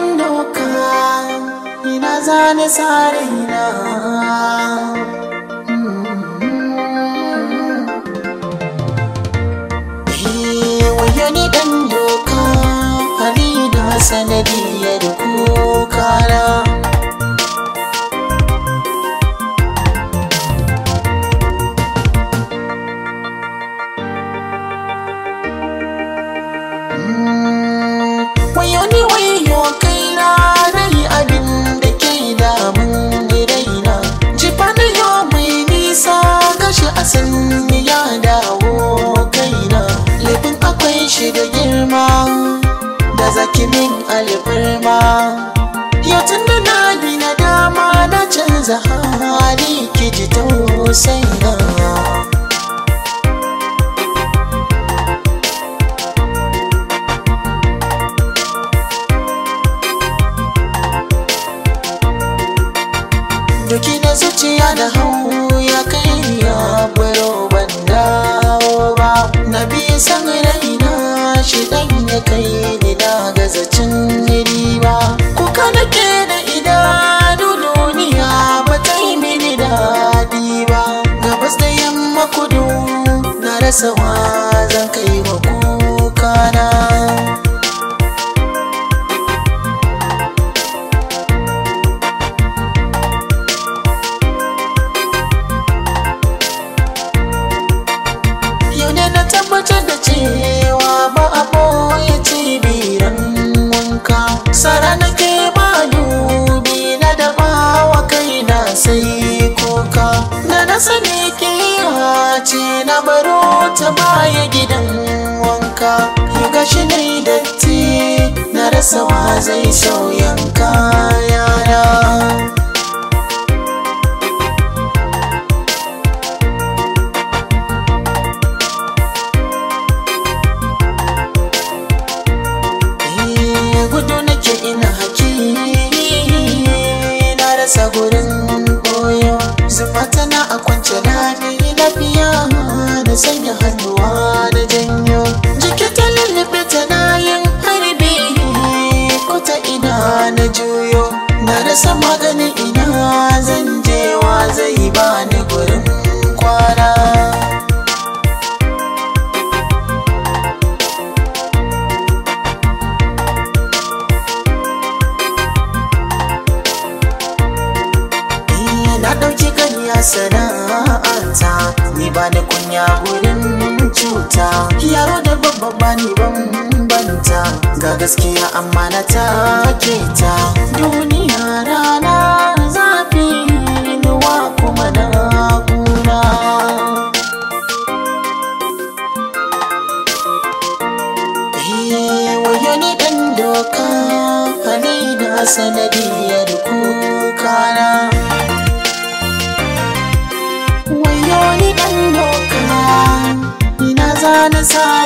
kan doka ina zane sare na mm. Wayani dan doka, Halidu da Biyar kimin alfarma ya tunda na bi na dama na canza hali ki ji tausaina duki na zuciya da hau ya kai ni ya gwaro ban dawo ba na biyu san raina shi dan ya kai na gaza kuka nake da idanu duniya ba ta yi mini daɗi ba gabas da yamma kudu na rasa sani kira ce na baro ta baya gidan wanka ya gashi ne datti na rasa wa zai sauyanka na sanya hannuwa na janyo jiki ta lullube tana yin harbi ko ta ina na juyo na rasa maganin ina zan jewa zai bani gurin kwana na ɗauki gani sana manta ni ba da kunya gurin cuta yaro da babba ba ni bambanta ga gaskiya amana ta ke ta duniya rana zafi nuwa kuma da kuna ɗan ni dan doka hali da sanadiyar kukana na sa